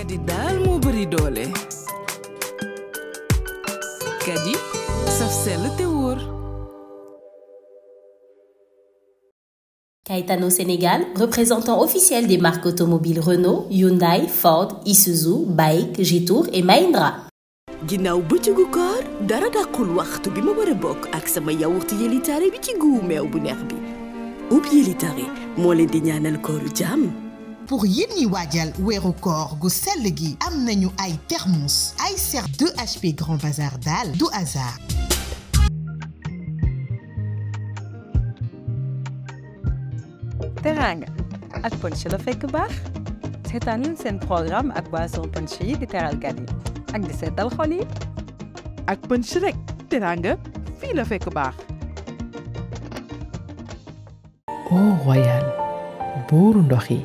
kadi daal moo bëri kadi saf sell te wóor Caetano Sénégal, représentant officiel des marques automobiles Renault, Hyundai, Ford, Isuzu, Bike, Jetour et Mahindra. ginnaaw bëccëgu koor dara dàqul waxtu bi ma war a bokk ak sama yaourt Yelitare bi ci guumeew bu neex bi ub Yelitare moo leen di ñaanal kooru jàmm pour yini wadjal wero kor koor gu sell gi am nañu ay thermos ay ser 2HP Grand Bazar dal du hasard. teraanga ak ponche la fekk bax seetaan sen programme ak boisson ponche yi di teral gan ak di seetal xol ak ponche rek fi la fekk bax au royal bour ndox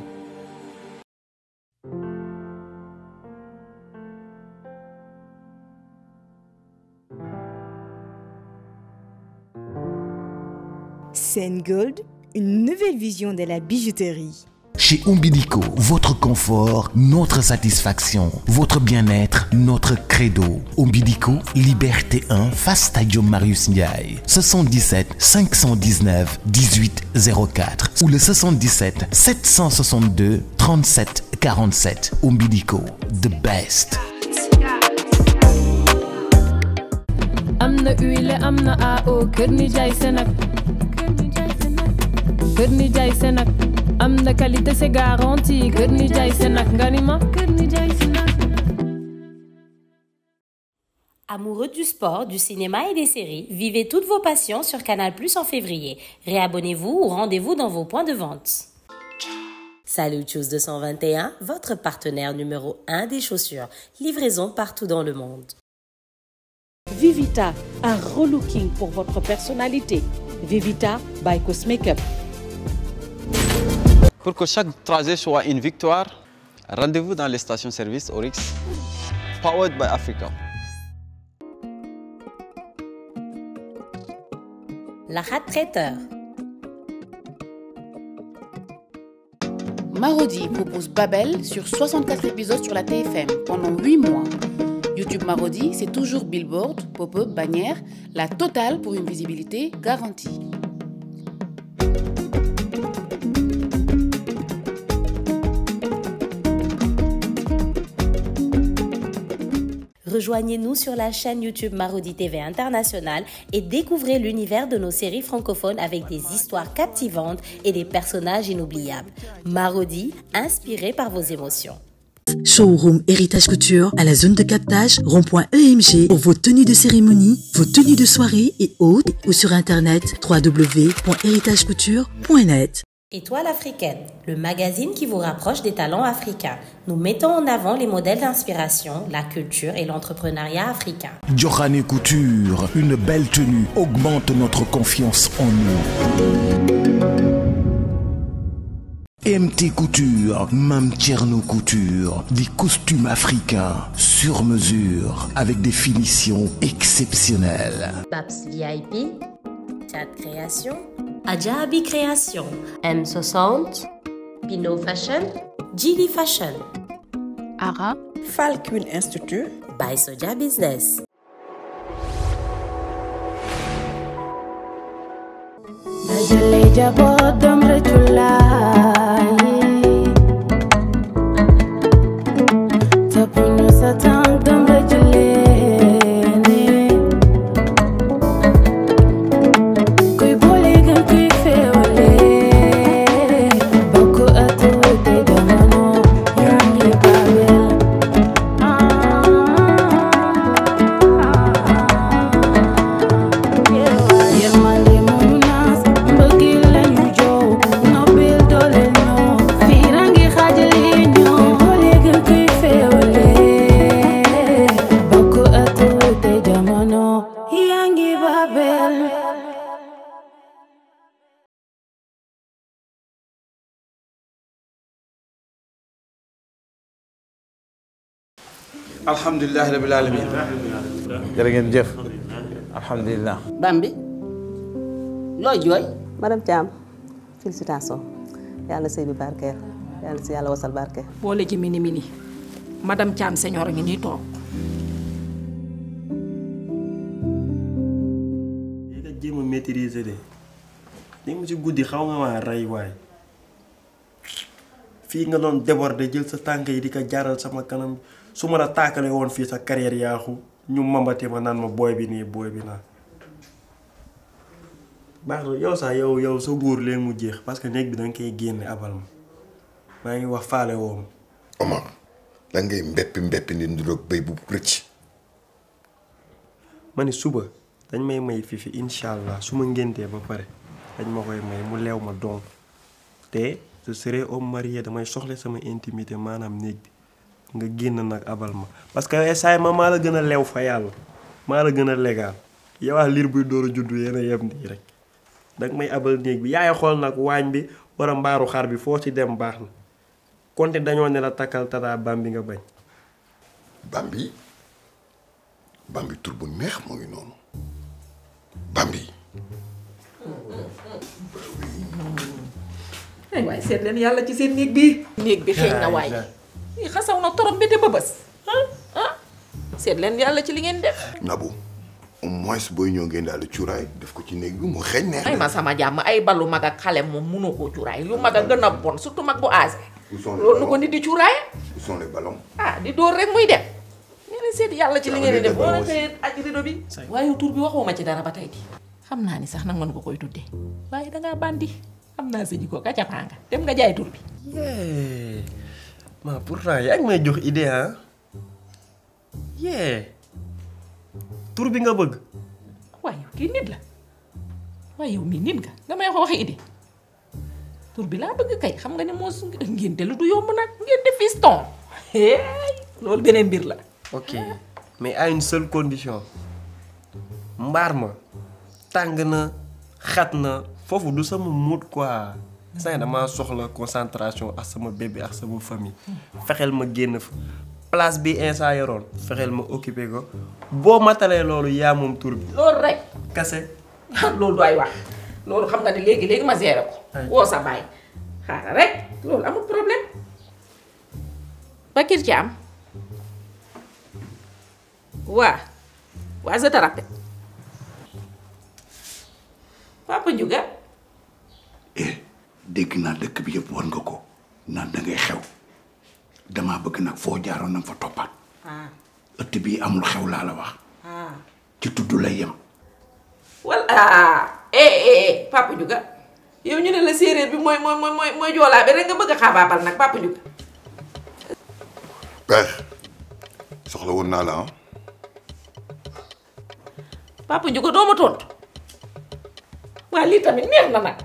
Gold, une nouvelle vision de la bijouterie. Chez Umbilico, votre confort, notre satisfaction, votre bien-être, notre credo. Umbilico, Liberté 1, face Marius Ndiaye. 77 519 1804 ou le 77 762 37 47. Umbilico, the best. Amoureux du sport, du cinéma et des séries, vivez toutes vos passions sur Canal Plus en février. Réabonnez-vous ou rendez-vous dans vos points de vente. Salut Choose 221, votre partenaire numéro 1 des chaussures. Livraison partout dans le monde. Vivita, un relooking pour votre personnalité. Vivita by Cosmakeup. Pour que chaque trajet soit une victoire, rendez-vous dans les stations-service Orix, powered by Africa. La rat traiteur. Marodi propose Babel sur 64 épisodes sur la TFM pendant 8 mois. YouTube Marodi, c'est toujours billboard, pop-up, bannière, la totale pour une visibilité garantie. Rejoignez-nous sur la chaîne YouTube Marodi TV International et découvrez l'univers de nos séries francophones avec des histoires captivantes et des personnages inoubliables. Marodi, inspiré par vos émotions. Showroom Héritage Couture à la zone de captage rond.emg pour vos tenues de cérémonie, vos tenues de soirée et autres ou sur internet www.héritagecouture.net. Étoile africaine, le magazine qui vous rapproche des talents africains. Nous mettons en avant les modèles d'inspiration, la culture et l'entrepreneuriat africain. et Couture, une belle tenue augmente notre confiance en nous. MT Couture, Mam Tcherno Couture, des costumes africains sur mesure avec des finitions exceptionnelles. Babs VIP, Chat Création, Ajabi Création, M60, Pinot Fashion, Gili Fashion, Ara, Falcon Institute, by Soja Business. alhamdulilah rabil alamin jërë ngeen jëf alhamdulilah bam bi looy jooy madame Thiam félicitation yàlla sëy bi barkeel yàlla si yàlla wasal barkeel boole ci mini mini madame Thiam señor ngi nii toog yi nga jéem a maîtriser de li mu si guddi nga jël sa yi di sama kanam su ma la taakale woon fii sa carrière yaaxu ñu mambate ma naan ma booy bi nii booy bi naa baax na yow sax yow yow sa góor leen mu jeex parce que néeg bi danga koy génne abal ma maa ngi wax faale woo ma da ngay mbéppi mbéppi ni nduroog béy bu rëcc ma ni suba dañ may may fifi incha allah su ma ngéntee ba pare dañ ma koy may mu leew ma doom te je serai homme marié damay soxle sama intimité maanaam néeg bi nga génn nag abal ma parce que saay ma maa la gën a lew fa yàlla maa la gën a légal ya liir buy door a juddu yéen a yem rek dag may abal néeg bi yaay xool nag waañ bi war a mbaaru xar bi foo ci dem baax na konte dañoo ne la takal tata bambi nga bañ bambi bambi tur bu neex mo ngi noonu bambi waay seet leen yàlla ci seen néeg bi néeg bi xeeñ na ah, waay i xasaw na torop bi te ba ah, ah. seet leen yàlla ci li ngeen def nabu au moins booy ñëw ngeen daal cuuraay def ko ci néeg bi mu xeeñ neex ay ma sama jàmm ay balu mag ak xale moom munoo koo cuuraay lu mag a gën a bon surtout mag bu aase loolu lu ko nit di cuuraay ah di dóor rek muy dem ngeen seet yàlla ci li ngeen di def ah, boo nekkee aj rido bi waaye tur bi waxuma ci dara ba tey di xam naa ni sax nag mën ko koy tuddee waaye dangaa bandi xam naa sa jikko Mapurna ya, yang mejuh ide ha. Ye. Turbi nga bëgg. wah yow kini nit la. Waaye yow kan, nit nga nga may ide. Tur bi laa bëgg kay xam nga ne moo ngénte lu du yomb nag ngénte fiston. loolu benen bir la. Ok mais à une seule condition. Mbarma ma na du sama mood quoi. sax damaa soxla concentration ak sama bébé ak sama famille fexeel ma génn fa place bi instant yoroon fexeel ma occupé ko boo matalee loolu yaa moom tur bi. loolu rek. kase. loolu doy wax loolu xam nga ne léegi léegi ma géré ko. woo sa baay xaaral rek loolu amul problème. Bakir Thiam waa waa je te rappelle papa dégg naa dëkk bi yëpp war nga ko naan da xew damaa bëgg nag foo jaaroon na fa toppaat. Ah. ëtt bii amul xew laa la wax. Ah. ci tudd lay yem. wala eh, eh eh Papa Ndiouga yow ñu ne la séeréer bi mooy mooy mooy mooy joolaa bi nga bëgg xaabaabal nag Papa Ndiouga. père soxla woon naa la ah. Papa Ndiouga tontu waaye lii tamit neex na nag.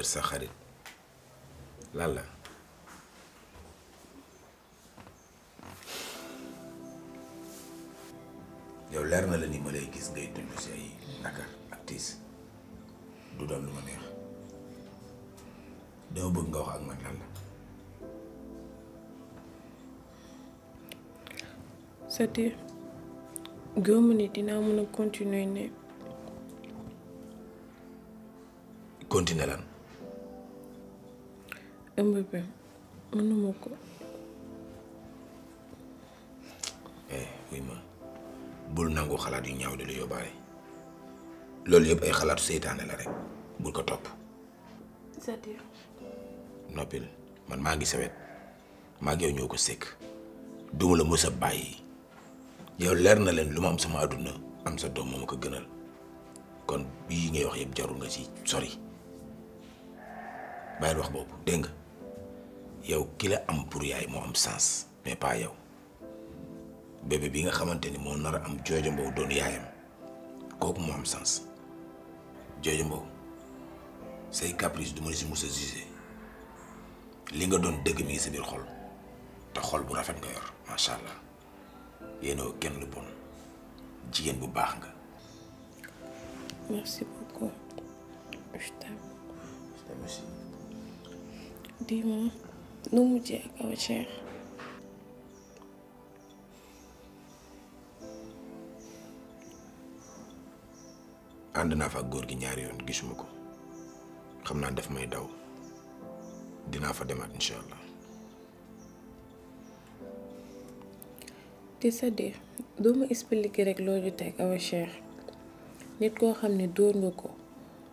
dëgër sa xarit lan la yow leer na la ni ma lay gis ngay dund si ay nakar ak tiis du doon lu ma neex dama bëgg nga wax ak man lan la cest dinaa mën a continuer ne continuer lan mu bi mënuma ko. Eh, bul nangu xalaat yu ñaaw di lu yóbbaale loolu yëpp ay xalaatu seytaane la rek bul ko topp. noppil man maa ngi sawet maa ngi yow ñoo ko sekk duma la mës a bàyyi yow leer na leen lu ma am sama àdduna am sa doom moo ma ko gënal kon bii ngay wax yëpp jarul nga ci sori bàyyil wax boobu dégg yow ki la am pour yaay moo am sens mais pas yow bébé bi nga xamante ni moo nar a am Jojo Mbow doon yaayam kooku moo am sens Jojo Mbow say caprice du ma si musa a jugé li nga doon dëgg mi ngi sa biir xol te xol bu rafet nga yor macha allah yéenoo kenn lu bon jigéen bu baax nga. merci mu mujjee ak awa Cheikh ànd naa fa góor gi ñaar yoon gisuma ko xam naa daf may daw dinaa fa demaat incha allah. te c'est-à-dire rek loo jotee ak awa nit koo xam ne dóor nga ko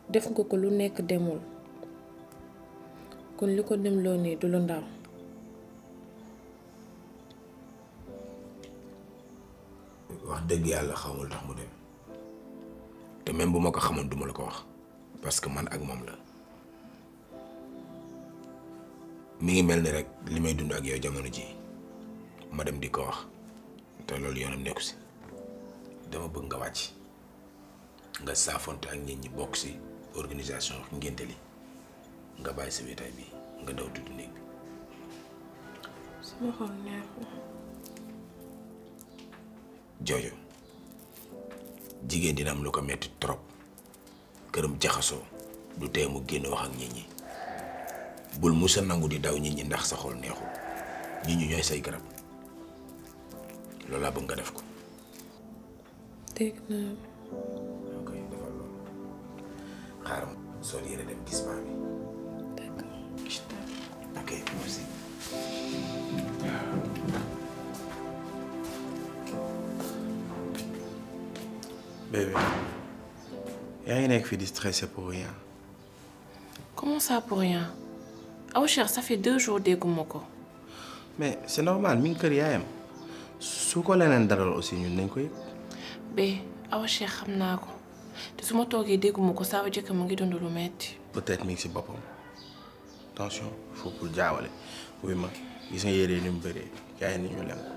def nga ko lu nekk demul. kon li ko dem demloo nii du lu ndaw wax dëgg yàlla xaw xamul tax mu dem te même bu ma ko xamoon duma la ko wax parce que man ak moom la mi ngi mel ni rek li may dund ak yow jamono ji ma dem di ko wax te loolu yoonam nekku si dama bëgg nga wàcc nga saafonte ak nit ñi bokk si organisation ngénte li nga bàyyi sa wéetaay bi nga daw tudd néeg bi. sama xol neexul. joojo jigéen dina am lu ko metti trop këram jaxasoo du tee mu génn wax ak nit ñi bul musa nangu di daw ñi ñi ndax sa xol neexul nit ñi ñooy say garab loolu laa bëgg nga def ko. xaaral soo yére dem gis maa bébé yaa ngi nekk qui di stressé pour rien. comment ça pour rien aw ah cher ça fait deux jours dégguma ko. mais c'est normal mi ngi kër yaayam su ko leneen aussi ñun nañ ko yëg. bé aw ah cher xam naa ko te su ma toogee dégguma ça veut dire que mon ngi dund lu metti. peut-être mi ngi si boppam attention faut pour le diable. Oui, ma ils nga hier les numéros bëree yaay ni ñu lem ko.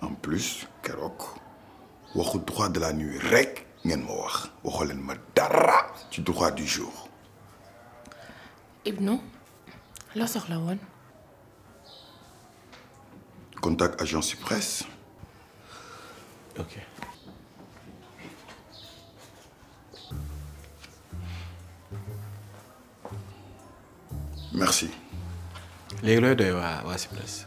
en plus keroog waxu droit de la nuit rek ngeen ma wax waxoo leen ma dara ci droit du jour. Ibnou loo la woon. contact agence Cypress. ok. merci. léegi looy de la waa Cypress.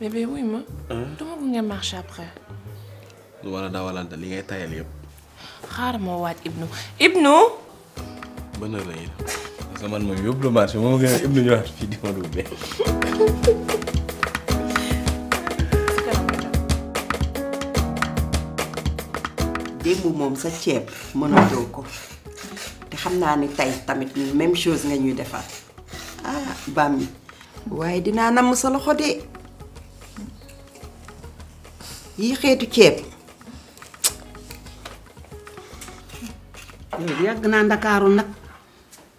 bébé wuy ma. du ma gunge marché après. lu war a dawalante li ngay tayal yëpp. xaaral ma waaj Ibnu Ibnu. ban heure la moom sa ceeb mënatoo ko te xam naa ni tey tamit même chose nga ñuy defar ah bam waaye dinaa namm sa loxo de. yii xeetu ceeb yooyu naa ndakaaru nag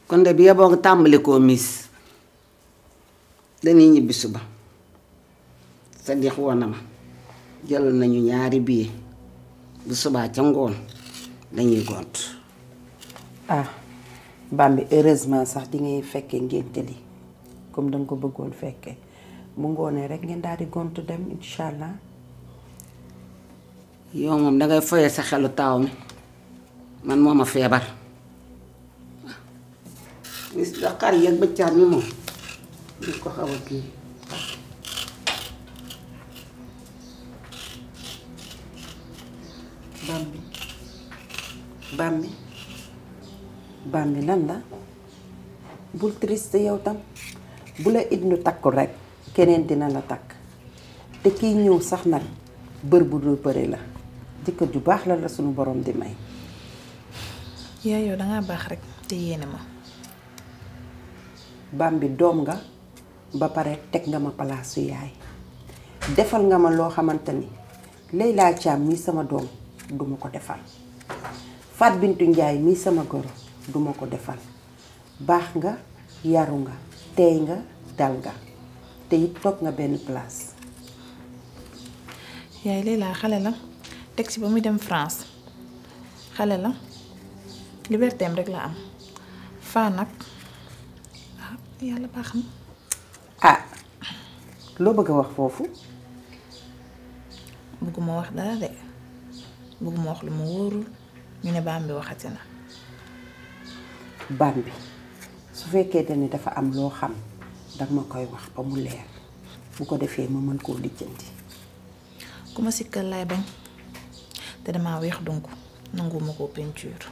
kon de bi yeboo tàmbali koo miis dañuy ñibbi suba sa dix won na ma jël nañu ñaari billet bu subaa ca ngoon dañuy gont ah Bambi heureusement sax di ngay fekke ngénte li comme danga ko bëggoon fekke mu ngoonee rek ngeen daal di gont dem incha allah. yow moom dangay foye sa xelu taaw mi man moom a feebar mis daqaar yëg bëccaan mi moom di ko xaw a kii bambi bambi bambi lan la bul triste yow tam bu la ibnu takkul rekk keneen dina la takk te kiy ñëw sax nag bër bu dul bëri la jëkkër ju bax la la sunu borom di may. Iya, yo iya, da nga bax rek te yene ma. bam bi nga ba pare tek nga ma place yaay defal nga ma lo xamanteni ni Leyla Thiam mii sama dom duma ko defal Fat Bintu njay mi sama gor duma ko defal bax nga yaru nga teey nga dal nga te it nga ben place. yaay Leyla xale la. teg si ba muy dem France xale la liberté rekk la am faa nag ah yàlla baax na. ah loo bëgg a wax foofu. bëgguma wax dara de bëgguma wax lu ma wóorul ñu ne baam bi waxati na. baam bi su fekkee ne dafa am loo xam danga ma koy wax ba mu leer bu ko defee ma mën koo lijjanti. ku ma sikkal laay bañ. te damaa weex donc nanguwuma koo peinture.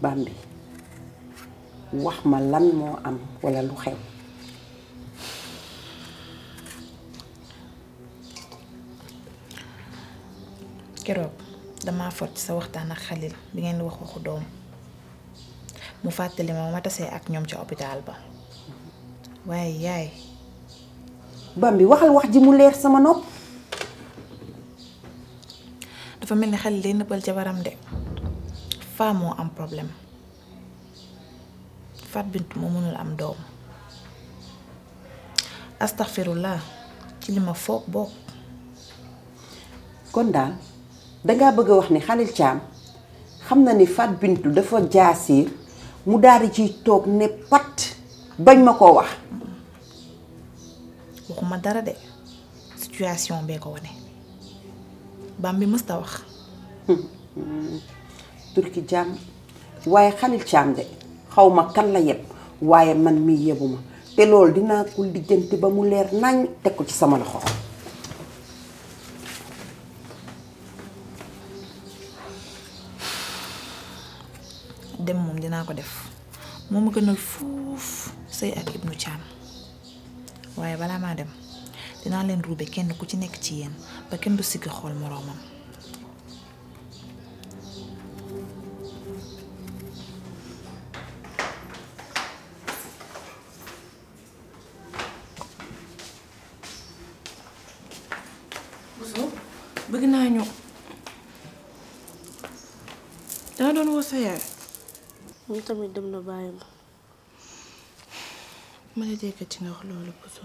Bambi wax ma lan moo am walla lu xew. keroog damaa fort ci sa waxtaan ak Xalil bi ngeen di wax waxu doom mu fàttali ma ma tasee ak ñoom ca hôpital ba mhm. waaye yaay. Bambi waxal wax ji mu leer sama nopp. dafa mel ni xel li nëbbal jabaram de faa am problème Fat Bintou moo mënul am doom astaxfirullah ci li ma foog bokk kon daan dangaa bëgg a wax ni Khalil Thiam xam na ni Fat Bintou dafa jaasiir mu daal di ciy toog ne pat bañ ma koo wax waxuma dara de situation bee ko wone baam bi mës wax. turki jaam waaye xalil caam de xaw ma kan la yeb waaye man mii yebu ma te lool dinaa ko lijjanti ba mu leer nañ teg ko ci sama loxo. dem moom dinaa ko def moom a gënal fuuf sëy ak ibnu caam waaye balaa maa dem dinaa leen ruube kenn ku ci nekk ci yéen ba kenn du sigg xool moroomam bëgg naa ñu danga doon woo sa yaay moom tamit dem na bàyyi ma ma la déggati nga wax loolu Bousso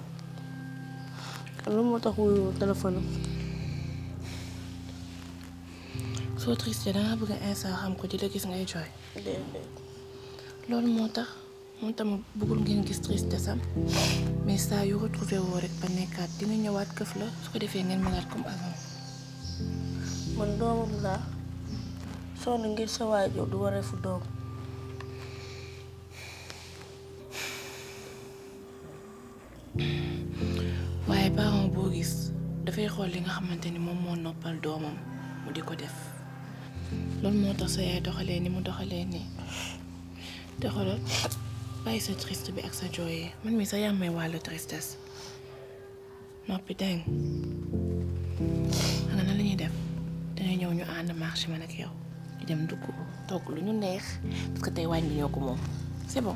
Ano mau ako telefono? So, triste na nga baga esa ham ko, dila gis nga joy. Hindi, hindi. Lolo mo ta, mo ta mo bugul ngeen gis sam. Mais sa yu retrouvé wo rek pa nekkat, dina gis dafay xool li nga xamante ni moom moo noppal doomam mu di ko def loolu moo tax sa yaay doxalee ni mu doxalee nii te xoolal bàyyi sa triste bi ak sa jooyee man mi sa yàmmee wàllu tristesse noppi dégg nga na la ñuy def dangay ñëw ñu ànd marché man ak yow ñu dem dugg togg lu ñu neex parce que tey wàññi ko moom c'est bon.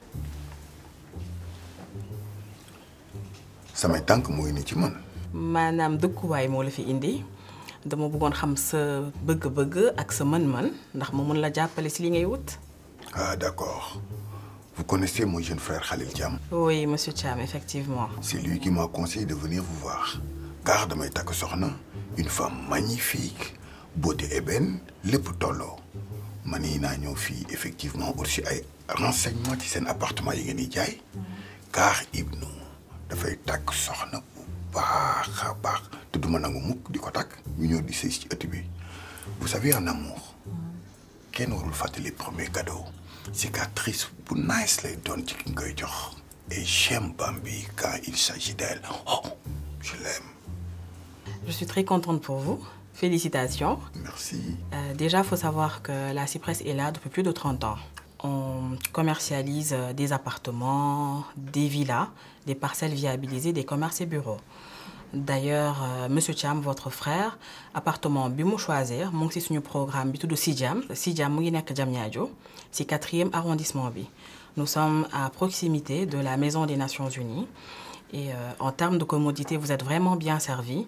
samay tànk moo indi ci man. Madame dëkkuwaay moo la fi indi dama bëggoon xam sa bëgg-bëgg ak sa mën-mën ndax ma mën la jàppale si li ngay wut. ah d'accord vous connaissez mon jeune frère Khalil Diam oui monsieur Diam, effectivement. c'est lui qui m'a conseillé de venir vous voir car damay takk soxna une femme magnifique beauté ébène lépp tolloo Manina nii ñëw effectivement aussi ay renseignements ci seen appartement yi ngeen di car Ibnou dafay takk soxna bu baax ñu di ci ëtt bi vous savez en amour kenn warul fàttali premier cadeau cicatrice pour nice lay ci ki jox et j'aime Bambi quand il s'agit d'elle oh je l'aime je suis très contente pour vous félicitations merci euh, déjà faut savoir que la cypresse est là depuis plus de 30 ans on commercialise euh, des appartements, des villas, des parcelles viabilisées, des commerces et bureaux. D'ailleurs, euh, Monsieur votre frère, appartement Bimou choisir mon si programme de quatrième arrondissement Nous sommes à proximité de la Maison des Nations Unies et euh, en termes de commodité, vous êtes vraiment bien servi.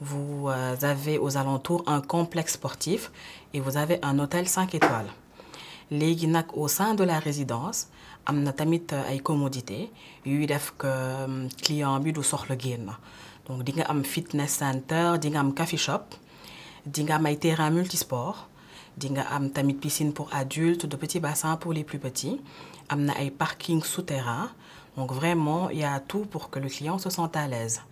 Vous avez aux alentours un complexe sportif et vous avez un hôtel 5 étoiles. Les au sein de la résidence il tamit euh, ay commodité yu def que euh, client bi du soxla y donc di fitness center di nga am shop di nga multisport di piscine pour adultes de petits bassins pour les plus petits amna ay parking souterrain donc vraiment il y a tout pour que le client se sente à l'aise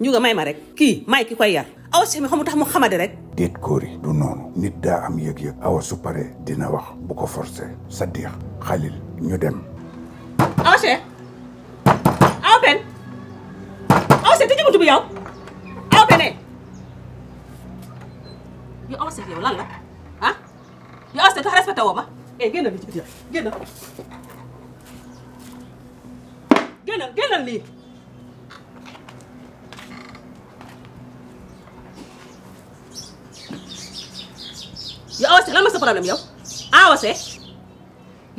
ñu nga may ma rek kii may ki koy yar awa si mi xamu mu xamadi rek déet kóori du noonu nit daa am yëg-yëg awa su paree dina wax bu ko forcé Sadikh Khalil ñu dem awa si awa pen awa si tëjee buntu bi yow awa pen la ah eh, génnal li ci biti génnal génnal génnal yow Awa Seck lan mooy yow Awa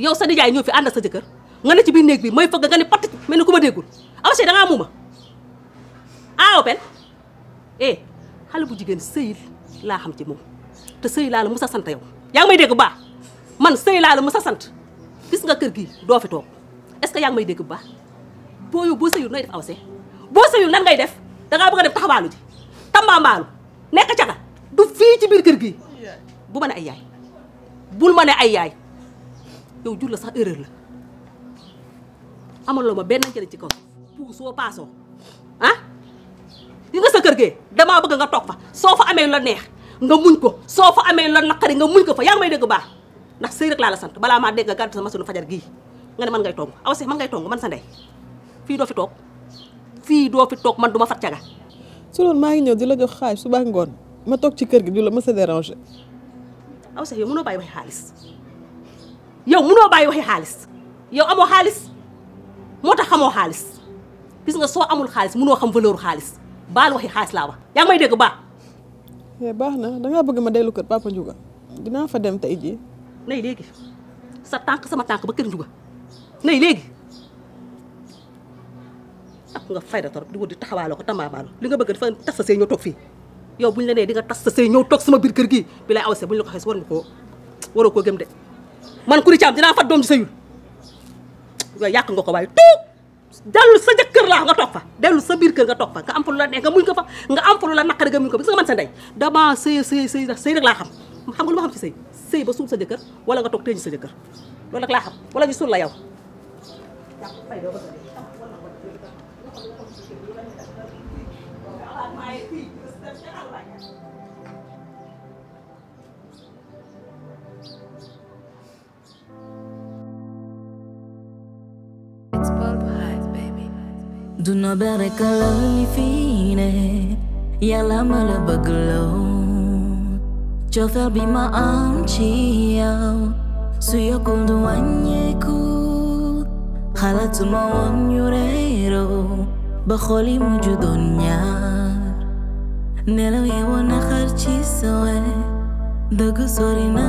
yow sa nijaay ñëw fi ànd sa jëkkër nga ne ci biir néeg bi mooy fëgg nga ne patt mel ni ku ma déggul Awa dangaa muuma Awa Pène eh xale bu jigéen sëyil laa ci moom sëy laa mu sa sant yow yaa ngi may dégg bu baax man sëy laa mu sa sant gis nga kër gi doo fi toog est-ce que yaa ngi may dégg bu baax boo yow boo sëyul nooy def Awa boo sëyul lan ngay def dangaa bëgg a def taxawaalu ji tambaambaalu nekk caga du fii ci biir kër gi bu ma ne ay yaay bu mané ay yaay yow jull la sax erreur la amaloma ma benn njëriñ ci ko pour so passo ah li nga sa kër ge dama bëgg nga tok fa so fa amé lo neex nga muñ ko so fa amé lo nakari nga muñ ko fa ya ngay dégg ba ndax sey rek la la sant bala ma dégg nga sama sunu fajar gi nga ne man ngay tong aw eh, man ngay tong man sa ndey fi do fi tok fi do fi tok man duma ma fat ciaga su ma ngi ñëw di la jox xaaj suba ngoon ma tok ci kër gi du la ma a déranger aw saya yow mënoo bàyyi waxi xaalis yow mënoo bàyyi waxi xaalis yow amoo xaalis moo tax xamoo xaalis gis nga soo amul xaalis mënoo xam valeur xaalis baal waxi xaalis laa wax yaa ngi may dégg baax. eh baax na dangaa bëgg ma dellu kër papa Ndiouga dinaa fa dem tey jii. nay léegi sa tànk sama tànk ba kër nay léegi ak nga fayda torop di wut di taxawaaloo ko tambaabaaloo li nga bëgg dafa tas sa see ñoo toog yow bu ñu la nee di nga tas sa sëy ñëw toog sama biir kër gi bi lay awse bu ñu la ko xes war nga koo waroo koo gëm de man Coura Thiam dinaa fat doom ji yàq nga ko waaye tout sa jëkkër laa nga toog fa dellu sa biir kër nga toog fa nga am lu la neex nga ko fa nga am fa lu la naqari nga muñ ko fa gis nga man sa ndey laa xam xam nga lu ma xam ci sëy sëy ba suul sa jëkkër wala nga toog tëj sa jëkkër loolu rek laa xam wala ñu suul la yow duna bere kalali fine ya la mala baglo cho fer bi ma am chi ya su yo kun du anye ku hala tu ma ju dunya nelo ye wona khar chi e dag sori na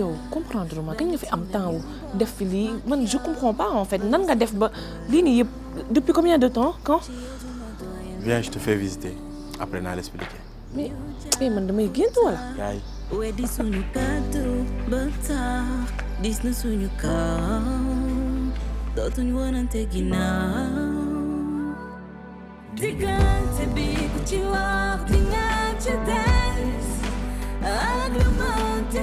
yow comprendre ma kañ nga fi am temps wu def fi li man je comprends pas en fait nan nga def ba li ni yëpp depuis combien de temps quand. viens je te fais visiter après naa l'expliquer. mais mais man damay gént wala. yaay. weddi suñu kàddu ba tax dis na suñu kaw dootuñu gina ginnaaw. diggante bi ku ci wax di nga ci des ak lu mën ti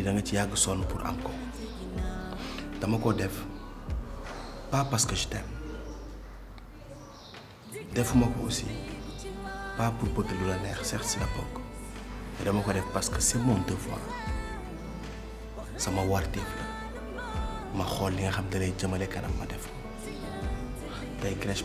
yi pour ci de pour am pas parce que je t'aime defuma aussi pas pour que lu la certes la mais dama parce que c'est mon devoir sama ma li nga te kanam ma def Je crèche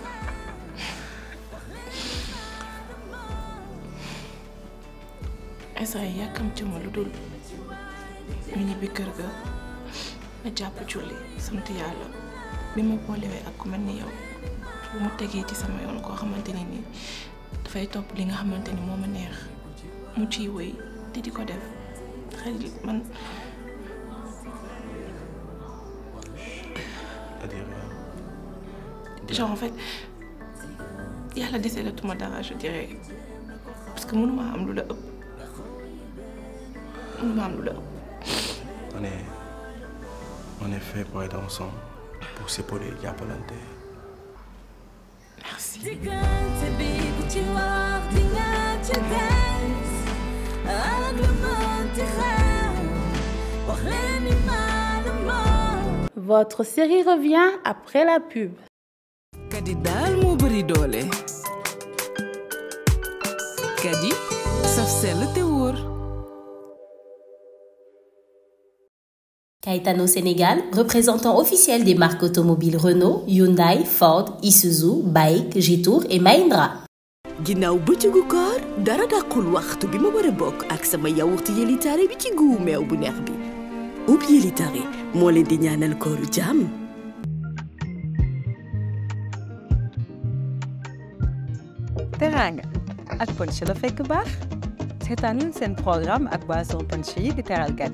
instant yi yàkkamti ma lu dul ñu ñibbi kër ga ma jàpp julli sant yàlla bi ma boolewee ak ku mel ni yow bu mu tegee ci sama yoon koo xamante ni nii dafay topp li nga xamante ni moo ma neex mu ciy wéy te di ko def xel man genre en fait yàlla deseelatuma dara je dirais parce que mënuma am lu la ëpp Mamoula. On est, on est fait pour être ensemble, pour s'épauler, Yapolante. Merci. Votre série revient après la pub. Kadi daal moo bëri doole. Kadi saf sell te wóor. Caetano Sénégal, représentant officiel des marques automobiles Renault, Hyundai, Ford, Isuzu, Baïk, Jetour et Mahindra. Dinao gu koor dara dàqul waxtu bi ma war a bokk ak sama yaourt yelitaare bi ci guu meew bu neex bi ub yelitaare moo leen di ñaanal kooru ak ponche la baax seen programme ak boisson ponche yi di teral gan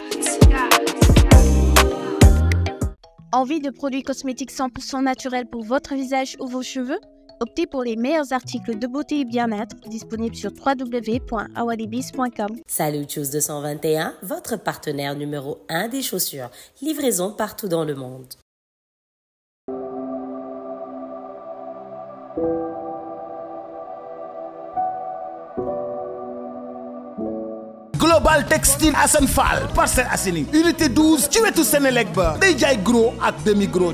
Envie de produits cosmétiques 100% naturels pour votre visage ou vos cheveux Optez pour les meilleurs articles de beauté et bien-être disponibles sur www.awadibis.com. Salut Choose 221, votre partenaire numéro 1 des chaussures. Livraison partout dans le monde. global textile Assane Fall Parcelles unité 12 tu es Sénélec ba gros demi gros.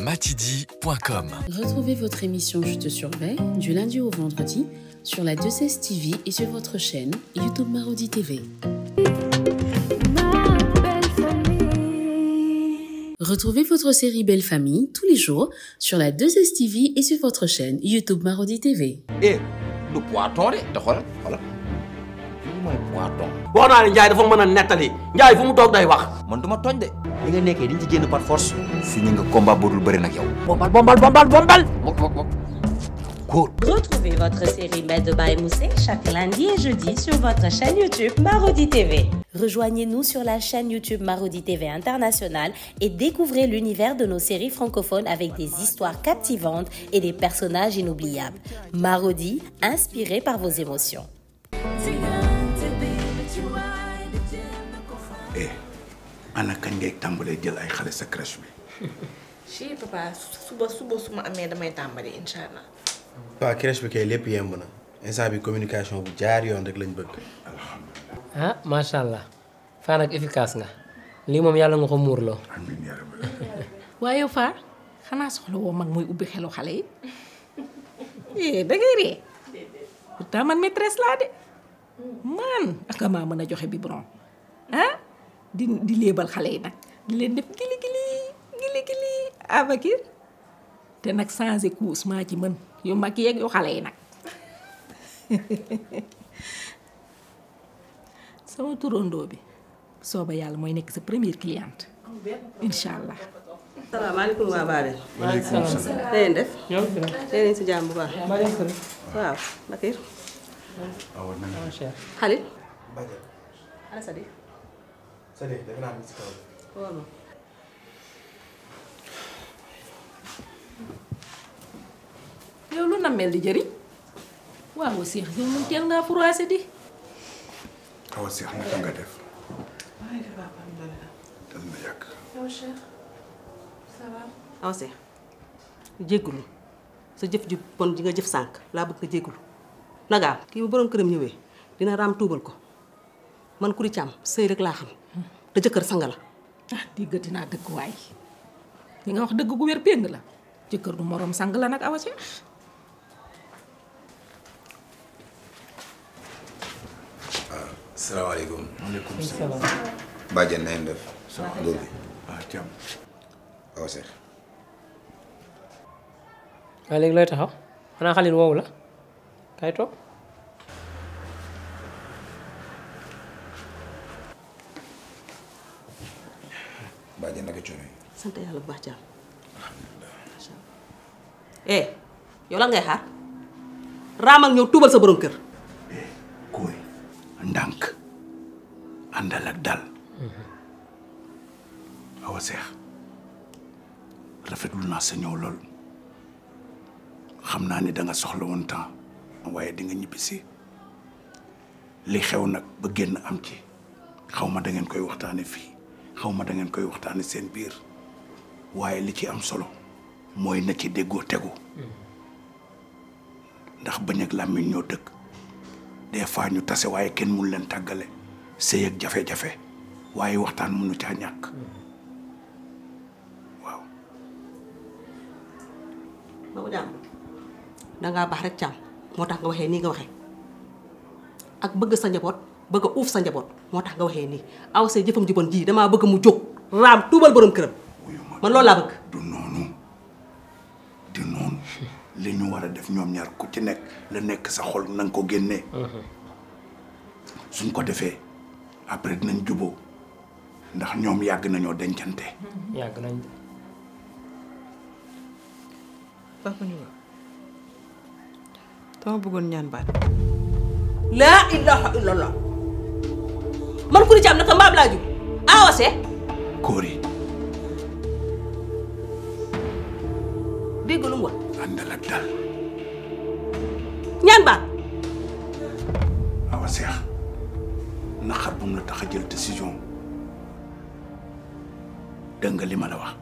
Matidi.com Retrouvez votre émission Je te surveille du lundi au vendredi sur la 2 TV et sur votre chaîne YouTube Marodi TV. Retrouvez votre série Belle Famille tous les jours sur la 2S TV et sur votre chaîne YouTube Marodi TV. Eh, lu poiton de te xoolal xoolal lii mooy poiton. wax naa ne Ndiaye dafa mën a nettali Ndiaye fu mu day wax. man du ma tooñ de. li nga nekkee di nga ci génn par force. signé nga combat bu dul bëri nag yow. bombal bombal bombal bombal. mok mok mok. Retrouvez votre série Made by Moussé chaque lundi et jeudi sur votre chaîne YouTube Marodi TV. Rejoignez-nous sur la chaîne YouTube Marodi TV International et découvrez l'univers de nos séries francophones avec des histoires captivantes et des personnages inoubliables. Marodi, inspiré par vos émotions. Hey, eh, papa waaw crèche bi kay lépp yemb na instant bi communication bu jaar yoon rek lañ bëgg. ah macha allah Faa nag efficace nga lii moom yàlla nga ko muurloo. amiin waaye yow Faa xanaa soxla woo mag mooy ubbi xelu xale yi eh da ngay man maîtresse laa de man ak mën a joxe biberon ah di di léebal xale yi nag di leen def gili gili gili gili abakir ah, te nag changé course maa ci mën. yu mag yeeg yu xale yi nag sama turandoo bi sooba yàlla mooy nekk sa première cliente incha allah. salaamaaleykum waa Babel. maaleykum salaam tey def. yow dinañ si jàmm bu baax. waaw Bakir. waaw na nga def. Khalil. Badiane. ana Sadi. Sadi dama naa si kaw. yow lu namel di jëriñ waaw Cheikh yow moom teel nga froissé di. awa Cheikh ya, naka nga def. ay maa ngi def alhamdulilah. dal na yak yow Cheikh ça va. Ya. awa Cheikh ya. jéggulu sa jëf ju bon di nga jëf sank laa bëgg nga jéggulu nagaam kii bu borom këram ñëwee dina ram tuubal ko man kuri cham sey rek la xam te jëkër sanga la. ah diggante naa dëgg way nga wax dëgg gu wër péng la jëkkër du morom sang la nak awa Cheikh. Assalamualaikum. Waalaikumsalam. Baje Badiane na ngeen def. waaw Ndiour bi waaw jàmm. waaw Seex. waaw léegi taxaw xanaa xalil wowo la kay toog. Baje naka coono yi. sant yàlla bu baax jàmm. Alhamdulillah. eh yow la ngay eh, xaar Ramal ñëw tuubal sa borom kër. Dank. anda ak dal awa seex rafetlu naa sa ñëw lool xam naa ni danga soxla woon temps waaye di nga ñibbisi li xew nag ba génn am ci xaw ma da ngeen koy waxtaane fii xaw ma da ngeen am solo mooy na ci déggoo tegu mhm. ndax bañ ak làmmiñ ñoo des fois ñu tassé waye kenn mënu leen tagalé sey ak jafé jafé waye waxtaan mënu caa ñak waaw. boobu jam da nga bax rek caam motax nga waxé ni nga waxé ak bëgg sa njabot bëgg a uuf sa njabot motax nga waxé ni aw say jëfam ju bon ji dama bëgg mu jóg ram tuubal borom kërëm man lool la bëgg. li ñu wara def ñom ñaar ku ci nek la nek sa xol na ko genné uh-huh. suñ ko défé après dinañ juboo ndax ñom yag nañu dencanté uh-huh. yag nañ papa ñu ba dama bëggoon ñaan baat la ilaha illallah man ku ni ci am naka mbab la jub aawase kori dégg lu mu wax andal ak dal ñaan baat awa seex naxar bu mu la tax a jël décision dégg nga li ma la wax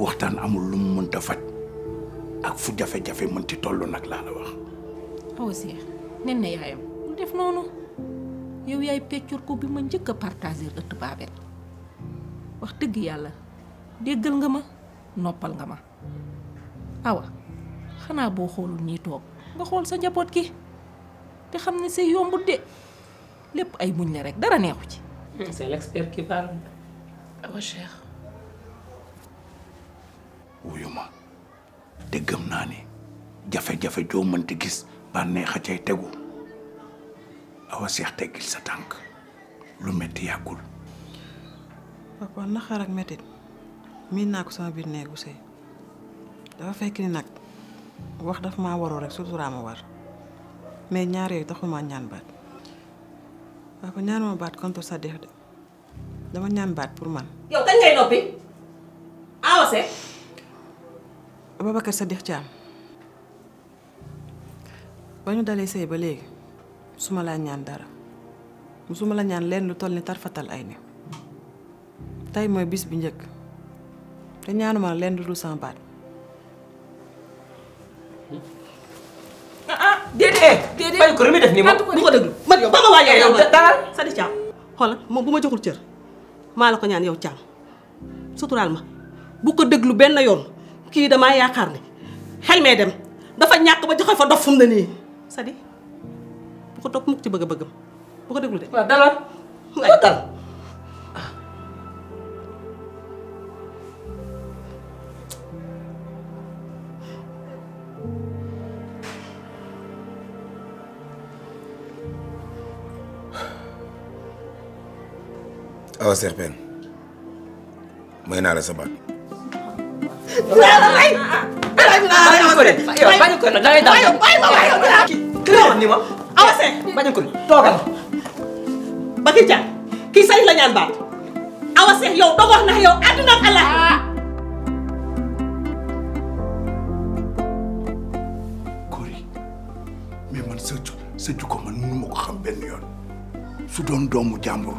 waxtaan amul lu mu ya faj ak fu jafe-jafe mënti toll nag laa la wax awa seex nen na yaayam lu def noonu yow yaay ko partager wax nga ma nga ma awa xanaa boo xoolul ñiy toog nga xool sa njaboot gi te xam ne si yombut de lépp ay muñ la rek dara neexu ci. Hmm, c'est l'expert qui ah naa ne jafe-jafe joo mënti gis bànneex a cay tegu Awa Cheikh teggil sa tànk lu metti yàggul. papa naxaar ak mettit miin naa ko sama biir néegu sëy dafa fekk ni nag. wax daf ma waro rek suturaa ma war mais ñaar yoy taxuma ñaan baat papa ñaanuma baat contre sa def de dama ñaan baat pour man. yow tan ngay nopi awase babakar sa def ci ba bañu dalé sey ba légui suma la ñaan dara musuma la ñaan leen lu toll ni tarfatal ay ne tay moy bis bi ñëk te ñaanuma leen lu sama baat. déedéet déedéet bàyyi ko li muy def nii moom bu ko déglu man yow ba ma waaye yow dalal Sadi Thiam xoolal moom bu ma joxul cër maa ma bu ko déglu benn yoon kii damaa yaakaar ne xel mee dem dafa ñàkk ba joxe fa dof fum na nii Sadi bu ko mukk ci bëgg bëggam bu ko de waaw dalal awa Cheikh Pène may naa la sa baat. bañu ko da ngay daal yow bàyyi ma kii. say la ñaan baat awa Cheikh yow doog wax ndax yow àdduna ak Allah. sa jukko man mënu ko xam benn su doon doomu jàmbur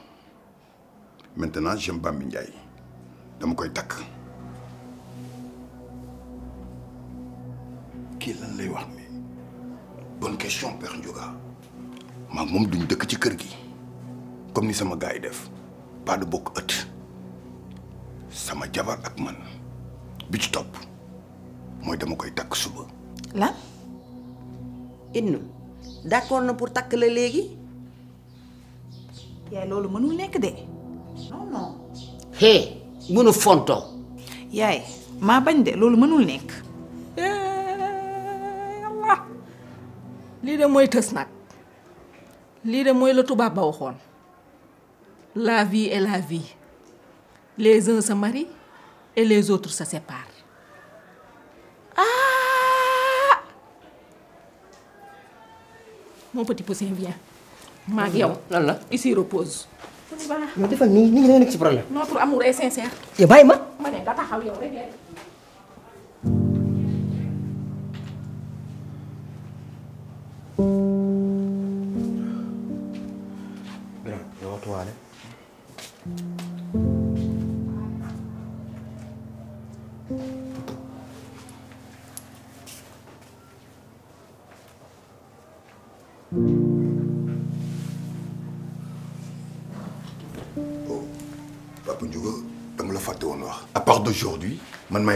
maintenant j'aime Bambi Ndiaye dama koy takk. kii lan lay wax ni bonne question Père Ndiouga maag moom duñ dëkk ci kër gi comme ni sama gars yi def pas de bokk ëtt sama jabar ak man bi ci topp mooy dama koy takk suba. lan Ibnu d'accord na pour takk la léegi. yaay loolu mënul nekk de. non non. hey mënu yaay maa bañ de loolu mënul nekk. Eh, lii de mooy tës nag lii de mooy la tubaab ba waxoon la vie est la vie les uns sa marient et les autres se séparent. Ah! Mon petit poussin, viens. Maa yow. Lan la, ici repose. yow defal nii nii da nga nekk ci problème. notre amour est sincère. yow bàyyi ma. ma ne nga taxaw yow rek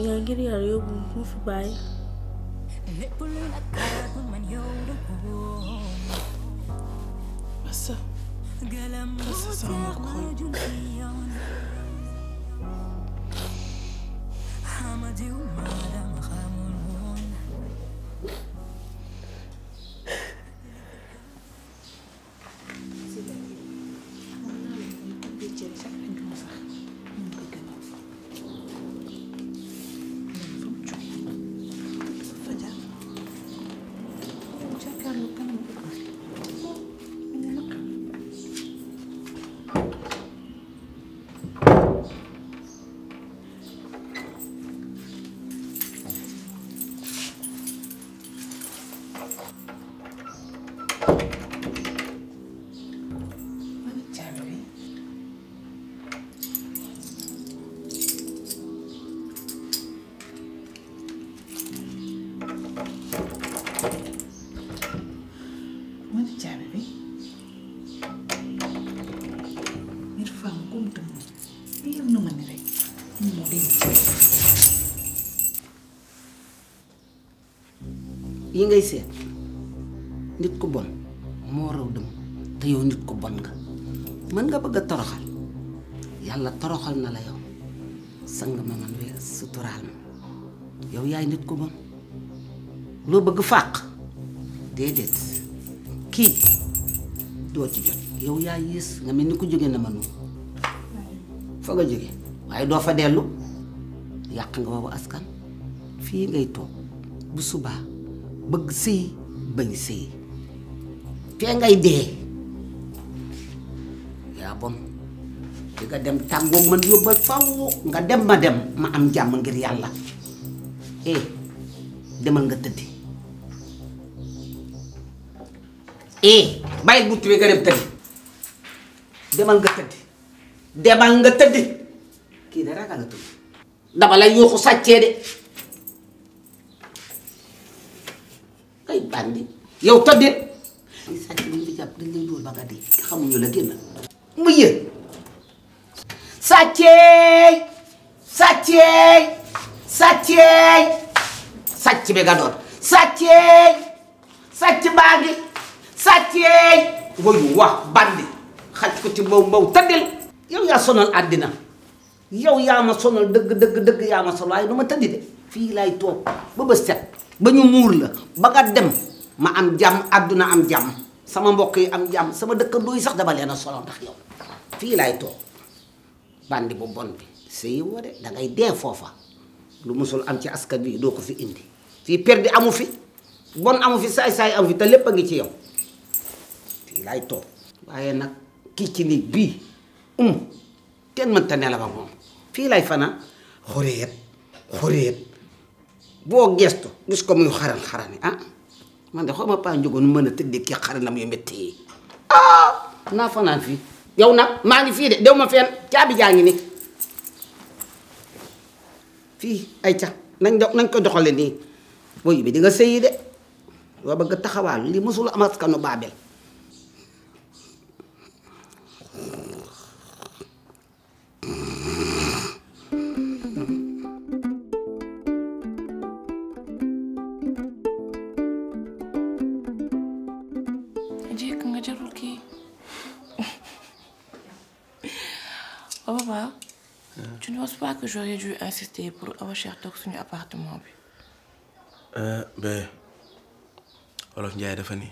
Yang giri hari mu fi bayi. Masa, masa sama kau. Hamadi umadama. ngay seet nit ku bon mo raw dem te yow nit ku bon nga man nga bëgg toroxal yalla toroxal na la yow sang ma man wër sutural ma yow yaay nit ku bon lo bëgg faq dedet ki do ci jot yow yaay yes nga melni ku jóge na ma fa nga jóge waye do fa delu yak nga bobu askan fi ngay tok bu subaa bëgg sëy bañ sëy fee ngay dee yaa bon dem tàngoo man yóbbal faw nga dem ma dem ma am jàmm ngir yàlla eh demal nga tëddi eh bàyyi bunt bi nga dem tëddi demal nga tëddi demal nga tëddi kii de ragal a tudd dama lay yuuxu sàccee de ay bandi yow toddeet ay sàcc ñu fi jàpp dañ lay dóor ba nga dee xamuñu la génn mu yéen sàcceey sàcceey bi nga doon sàcceey sàcc baa ngi sàcceey wayu bandi xaj ko ci mbaw mbaw tëddil yow yaa sonal àddina yow yaa ma sonal dëgg dëgg dëgg yaa ma sonal du ma tëddi de fii laay toog ba ba set ba ñu muur la ba nga dem ma am jàmm àdduna am jàmm sama mbokk yi am jàmm sama dëkk yi sax dama leen a solo ndax yow fii laay toog bandi bu bon bi sëyi woo foofa lu musul am ci askan bi doo ko fi indi fii perdi amu fi amu fi saay-saay amu fi te lépp a ngi ci yow fii laay toog waaye nag kii ci nit bii um kenn mënta nelaw ak moom fii lay fanaan xoreet xoreet bo gesto, gis ko muy xaran xarané ah man de xoma pa paa njógoon mën a tëddee xaranam yu metti ah ah fa nan fi yow nak ma ngi fi de dew ma fen caabi jaa ngi ni fi ay ca nañ do nañ ko doxale ni boy bi di nga sëyi de wa bëgg taxawal li musul am askanu Oh papa, tu ne penses pas que j'aurais dû insister pour avoir cher toog suñu appartement bi. Euh, ben Wolof Njaay dafa ni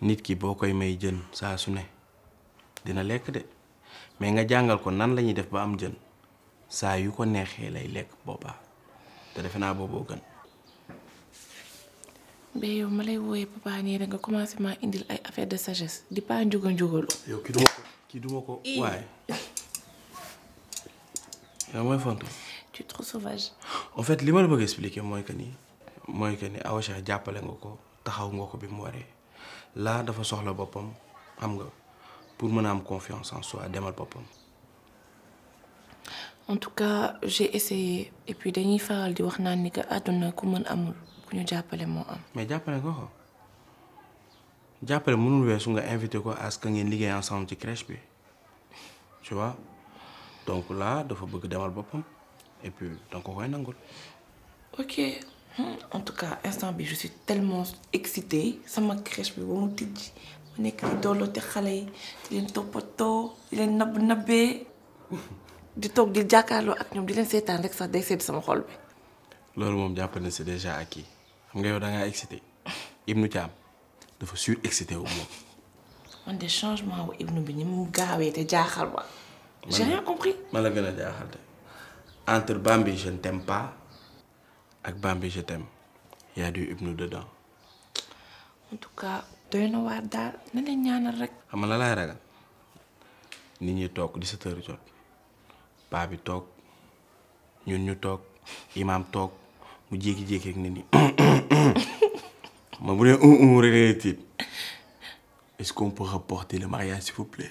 nit ki boo may jën sa su ne dina lekk dé mais nga jangal ko nan la def ba am jën sa yu ko nexé lay lekk boba te defe na booboo gën. mais ben, yow malay lay papa ni da nga commencé ma indil ay affaire de sagesse di pa njugal njugalu. yow ki duma ko ki duma ko waaye tu es trop sauvage. en fait ce que je veux expliquer c'est que ni Moi, que ni dire Cheikh Ngoko. ko taxaw nga bi pour que je confiance en soi veux en tout cas j'ai essayé et puis je faral di wax ni que je je mën amul ku mais je ne ko pas Je nga à ce que ensemble tu vois donc là dafa bëgg demal boppam et puis on ko ok hmm, en tout cas je suis tellement excitée sama crèche bi ma dans Je suis Ils yi di leen toppatoo un nab di temps. di jàkkaarloo ak ñoom di il est rek déjà acquis. xam excité Thiam changement il Ibnu bi ni mu j'ai rien compris man la gën entre Bambi je ne t'aime pas ak Bambi je t'aime il y a du hymne dedans. en tout cas doy na waar daal na leen ñaanal rek. xam nga la laay ragal nit ñi toog 17h jot paa bi toog ñun ñu toog imaam toog mu jékki-jékki ak nit ñi ma un un rek est-ce qu'on peut reporter le mariage s'il vous plaît.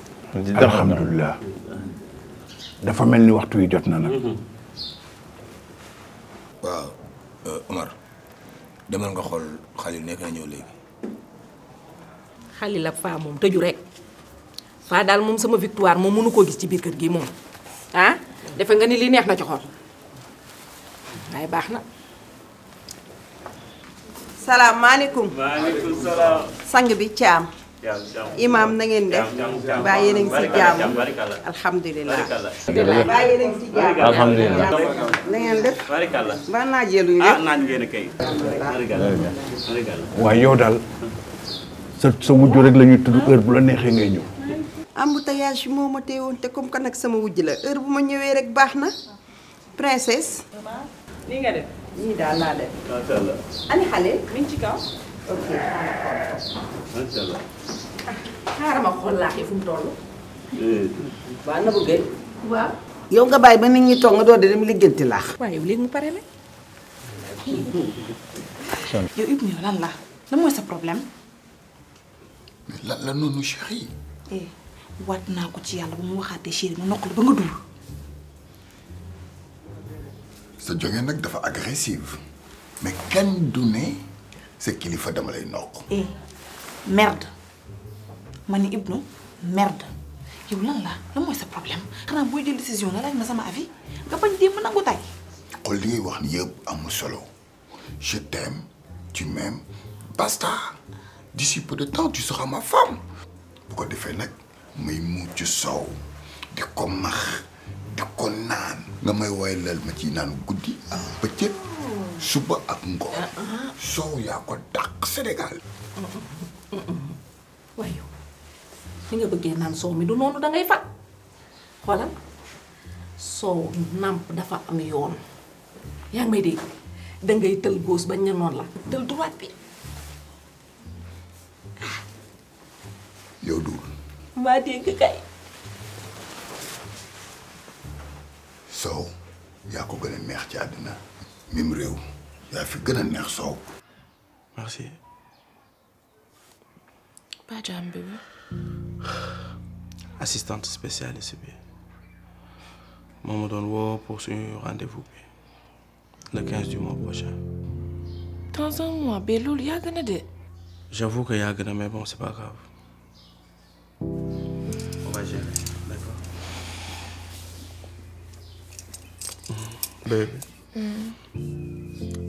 alhamdulilah dafa mel ni waxtu wi jot na nag. Mhm. waaw euh, Omar demal nga xool Xalil nekk na ñëw léegi. Xalil ak Faa moom tëju rek Faa daal moom sama victoire moom mënu koo gis ci biir kër gi moom ah defe nga ni li neex na ci xol waaye baax na. salaamaaleykum. maaleykum salaam. sang bi caam. imam na deh bayi alhamdulillah, alhamdulillah, si jàmm Alhamdulillah. mbaa yéen a si jàmm Alhamdulillah. Nengin deh. def Mana aja lu ñu def waaye yow daal sa sa wujj rek la ñuy tudd heure bu la neexee ngay ñëw sama wujj la heure bahna. Princess. ñëwee rek baax na princesse ani xale mi kau. ok xaaral ma xool laax yi fu mu waaw Nabou Gueye. yow nga bàyyi ba nit ñi toog nga doon dem liggéenti laax. waaw yow léegi mu pare la. yow Ibou lan la lan mooy sa problème. lan la noonu chéri. eh naa ko ci yàlla bu mu waxaatee chéri mu noqul ba nga dul. sa jóge nag dafa agressive mais kenn du ne. C'est qu'il est dama lay noq. eh merde Mani merde yow lan la lan c'est problème xanaa pris une décision la ma sama avis une bañ pas dire que li je t'aime tu m'aimes basta d'ici peu de temps tu seras ma femme. un ko mucc un suba ak ngo soow ya ko dak senegal wayo ni nga beugé nan so mi du nonu da ngay fat xoolal soow nàmp dafa am yoon ya ngay dé da ngay teul gauche ba ñe non la teul droite bi yow duul maa dégg kay so ya ko gëna a neex ci àddina mim rew merci. pas bébé. assistante spécialiste bi moo ma le pour ce rendez-vous le 15 du mois prochain. dans un mois Il y a de. j'avoue que yàgg na mais bon c'est pas grave. on va gérer d'accord. Mm. bébé. Mm.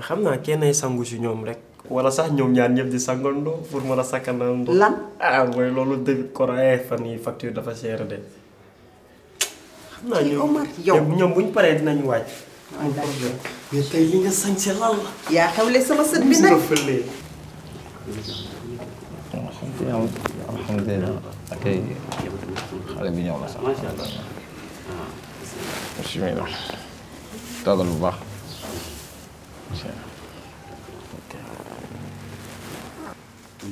xam naa kenn sangu si ñoom rek. wala sax ñoom ñaar ñëpp di sangandoo pour mën a sakkanandoo. lan ah mooy loolu dëgg koraay eh, dafa cher de. xam dinañ wàcc. amul lan ak ay xale bi ñëw la sax. bisimilah. tàggal bu baax. Iya.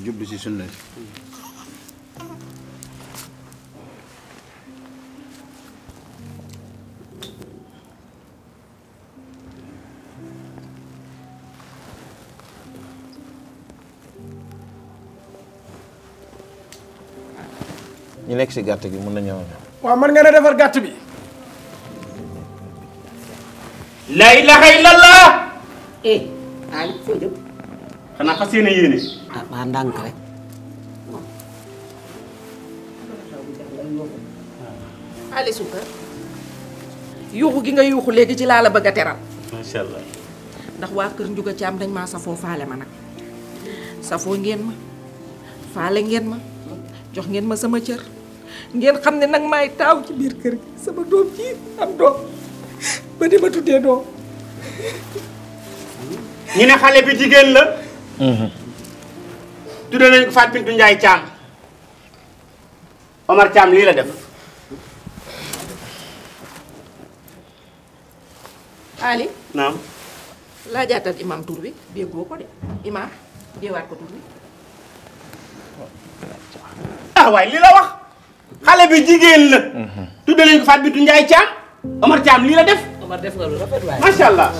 jubbi si sunna ñu nekk si gàtt gi mën na Wah mana man nga ne la ilaha illallah eh ay foo Kenapa sih ini? yéene yéene ah maa ndànk rek Yuk suukar yuuxu gi nga yuuxu léegi allah Nak wakir juga njuga ci am dañ maa mana? faale ma nag safoo ma faale ngeen ma jox ngeen ma sama cer. ngeen kam nenang mai tau taaw ci sama doom am doom ba di dia tuddee ñu ne xalé bi jigen la. Mhm. tudé nañ ko Fatou Bintou ndjay cham Omar cham li la def. Ali. naam. la jattal imam tour bi déggoo ko de imam déewaat ko tour bi. ah way li la wax xalé bi jigen la. Mhm. tudé nañ ko Fatou Bintou ndjay cham Omar cham li la def. Omar def nga lu rafet ma sha allah.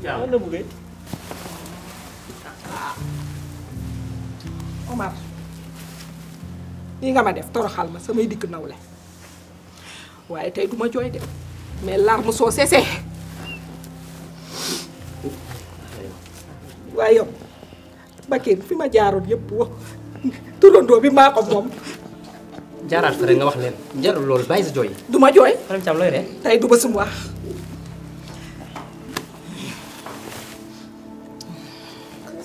Mana Omar ni nga ma def toroxal ma samay dikk nawle waaye tey duma jooy de mais larme sese waaye yow fi ma jaaroon yépp wax turandoo bi maa ko moom jaaraat nga wax jarul sa duma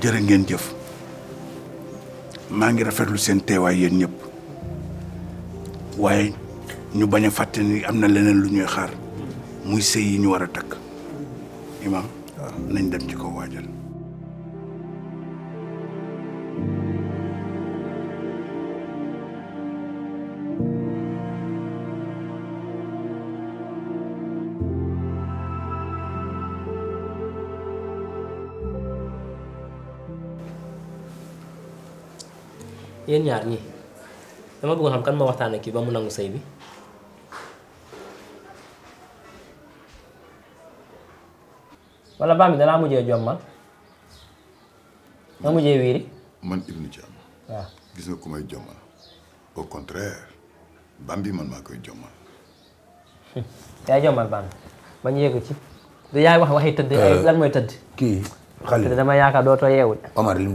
jërë ngeen jëf maa ngi rafetlu seen teewaay yéen ñëpp waaye ñu bañ a fàtte ni am na leneen lu ñuy xaar muy sëy yi ñu war a takk imaam ah. nañ dem ci ko waajal yéen ñaar ñii dama bëggoon xam kan moo waxtaan ak ba mu nangu sëy bi. wala baam bi danaa mujjee jommal nga mujjee wiiri. man Ibou Thiam. waaw gis nga ku may jommal au contraire baam bi man maa koy jommal. yaay jommal baam bañ yéegu ci du yaay wax waxi tëdd. Euh, lan mooy tëdd. kii xale dama yaakaar dootoo yeewul. Omar li mu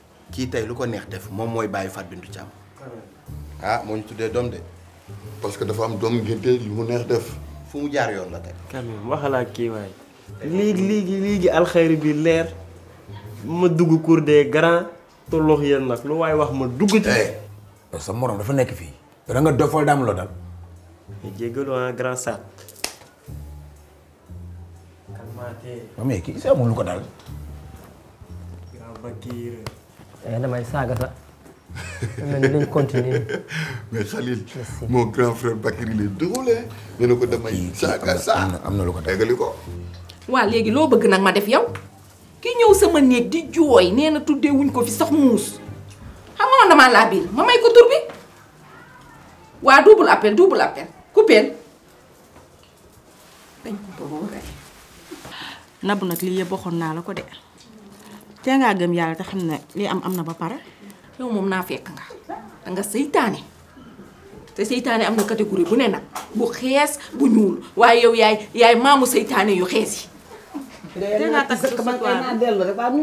ki tay lu ko neex def mom moy baye Fat Bintou cham ah moo ñu tuddee doom de parce que dafa am dom ngénte yu mu neex def fu mu jaar yoon la tey quand même ki way lig lig lig al khair bi lèr ma dugg cour des grands tolox yeen nak lu way wax ma dugg ci eh, sa morom dafa nekk fi da nga dofal dam lo dal jéggalu ah grand sat kalmaate mais ki sa amul lu ko dal grand bakir damay eh, saaga sa mel ni dañ grand frère Bakary les déroulé nee na ko damay saaga sax am na lu ko tegali ko léegi loo bëgg nag ma def yow ki ñëw sama néeg di jooy nee na tuddee ko fi sax muus xam nga man laa biir ma may ko bi waa double appel double appel coupeel dañ nag lii yëpp waxoon naa la ko de te ngaa gëm yàlla te xam ne li am am na ba pare. yow moom naa fekk nga da nga te seytaane am na catégorie bu ne nag bu xees bu ñuul waaye yow yaay yaay maamu seytaane yu xees yi. te ngaa takk sa man dellu rek waaw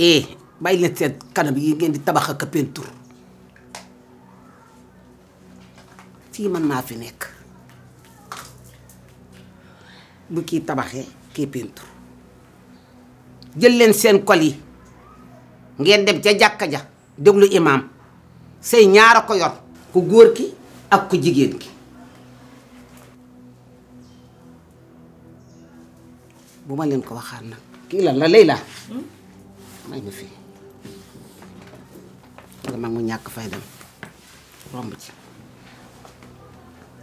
eh, leen seen kanam yi ngeen di tabax ak peinture fii man maa fi nekk bu kii tabaxee kii peinture jël leen seen kol yi ngeen dem ca jàkka ja déglu imaam say ñaar a ko yor ku góor ki ak ku jigéen ki bu ma leen ko waxaat nag kii lan la Leyla hmm? may ma fii wala mu ñàkk fay dem romb ci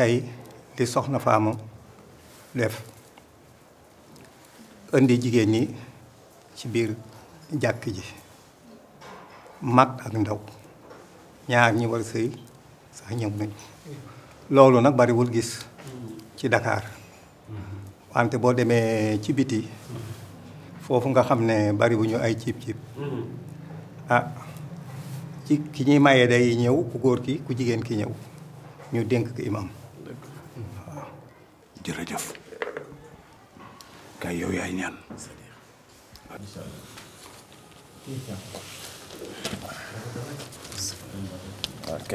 tey li soxna faamu def indi jigéen ñi ci biir jàkk ji mag ak ndaw ñaar ñi war sëy sax ñëw nañ loolu nag bariwul gis ci Dakar wante boo demee ci biti foofu nga xam ne bariwuñu ay ciib-ciib ah ki ñuy maye day ñëw ku góor ki ku jigéen ki ñëw ñu dénk ko imam jerejeuf kay yow yaay ñaan ok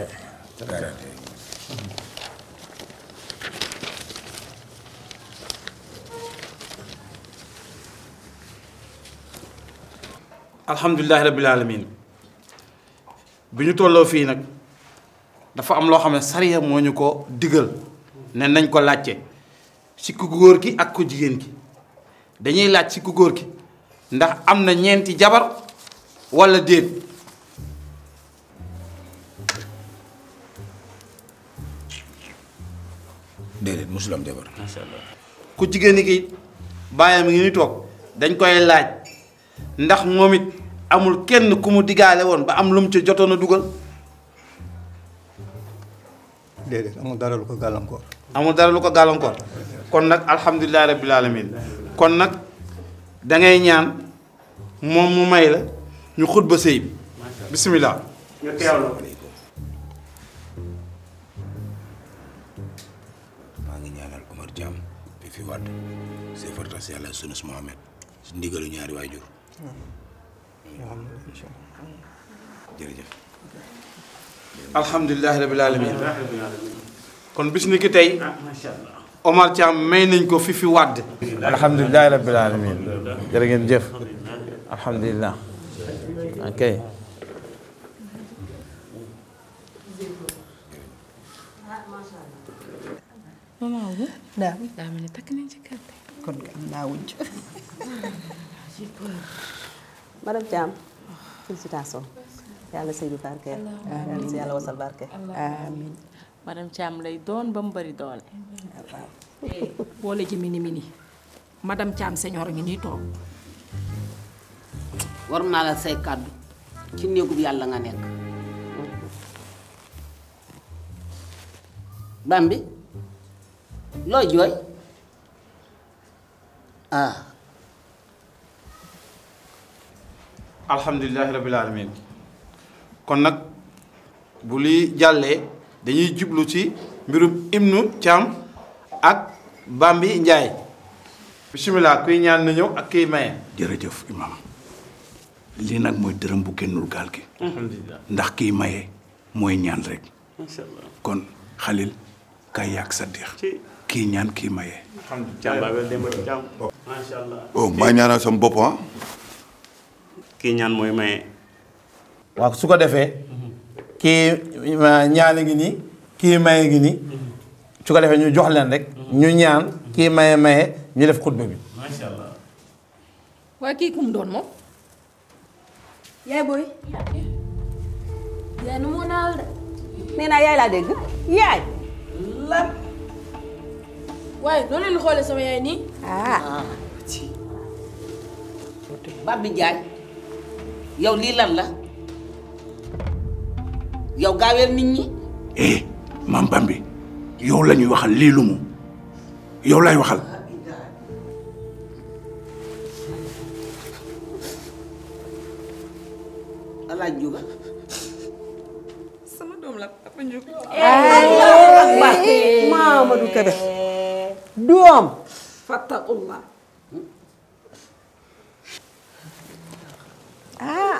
alhamdulillah rabbil alamin biñu tolo fi nak dafa am lo xamne sariya moñu ko diggal ne nañ ko laccé si ku góor ki ak ku jigéen ki dañuy laaj si ku góor ki ndax am na ñeenti jabar walla déet déedéet musul am jabar ku jigéeni ki bàyyam ngi ñu toog dañ koy laaj ndax moom it amul kenn ku mu digaale woon ba am lu mu ci jotoon a dugal déedéet amul dara lu ko gàllankoor amul dara lu ko gàllankoor kon nak alhamdullilah rabbil alamin kon nak da ngay ñaan mom mu may la ñu khutba sëy bismillah ñu teewlu ma ngi ñaanal Omar jam bi fi wàdd say fartas yàlla sunus mohammed ci ndigalu ñaari wajur jërëjëf. alhamdulilah rabbil alamin kon bis ni tay ma sha allah. Omar Thiam may nañ ko fi fi wàdd. alhamdulilah rabbil alamin jërë ngeen jëf alhamdulilah ok. maman wu. daa daa mel ni takk nañ ci kàddu kon am naa wujj. madame Thiam. félicitations. yàlla sëy bi barke. amiin yàlla wasal barke. amiin. madam Cham lay doon bam mu bari doole. Eh, boole ci mini mini madam Cham señor ngi ni tok war na la say kaddu ci néegub yalla nga nek bambi lo joy ah. Alhamdulillah rabbil alamin kon nak bu li dañuy jublu ci mbirum imnu cham ak bambi njay bismillah kuy ñaan na ñew ak kuy maye jërëjëf imam li nak moy dërëm bu kennul gal gi ndax kiy maye moy ñaan rek kon khalil kay yak sadikh ki ñaan ki maye oh ma oh, ñaanal sam bop ah. ki ñaan moy maye wa su ko defé Qui ñaan ngi ni? Qui may ngi ni su ko defee ñu jox leen rek ñu ñaan ki may maye ñu def xutba bi waaye kii doon moom yaay boy yaay nu de yaay laa dégg yaay lan waaye leen xoole sama yaay nii ah, ah yow gawel nit ñi eh mam bambi yow lañuy waxal li lu mu yow lay waxal ala juga sama dom la papa njuk eh mamadou kebe doom ah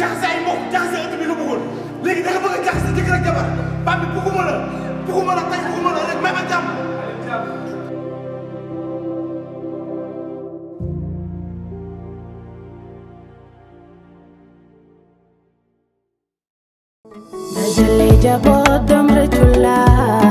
jaxase ay mbokk jaxase ëtt bi nga bëggoon léegi da nga bëgg a jaxase jëkkër ak jabar baam bi bëgguma la bëgguma la tey bëgguma la rek may ma jàmm جبوت دمرة الله